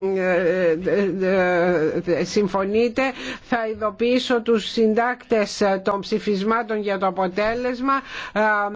Ε, ε, ε, συμφωνείτε θα ειδοποιήσω τους συντάκτες των ψηφισμάτων για το αποτέλεσμα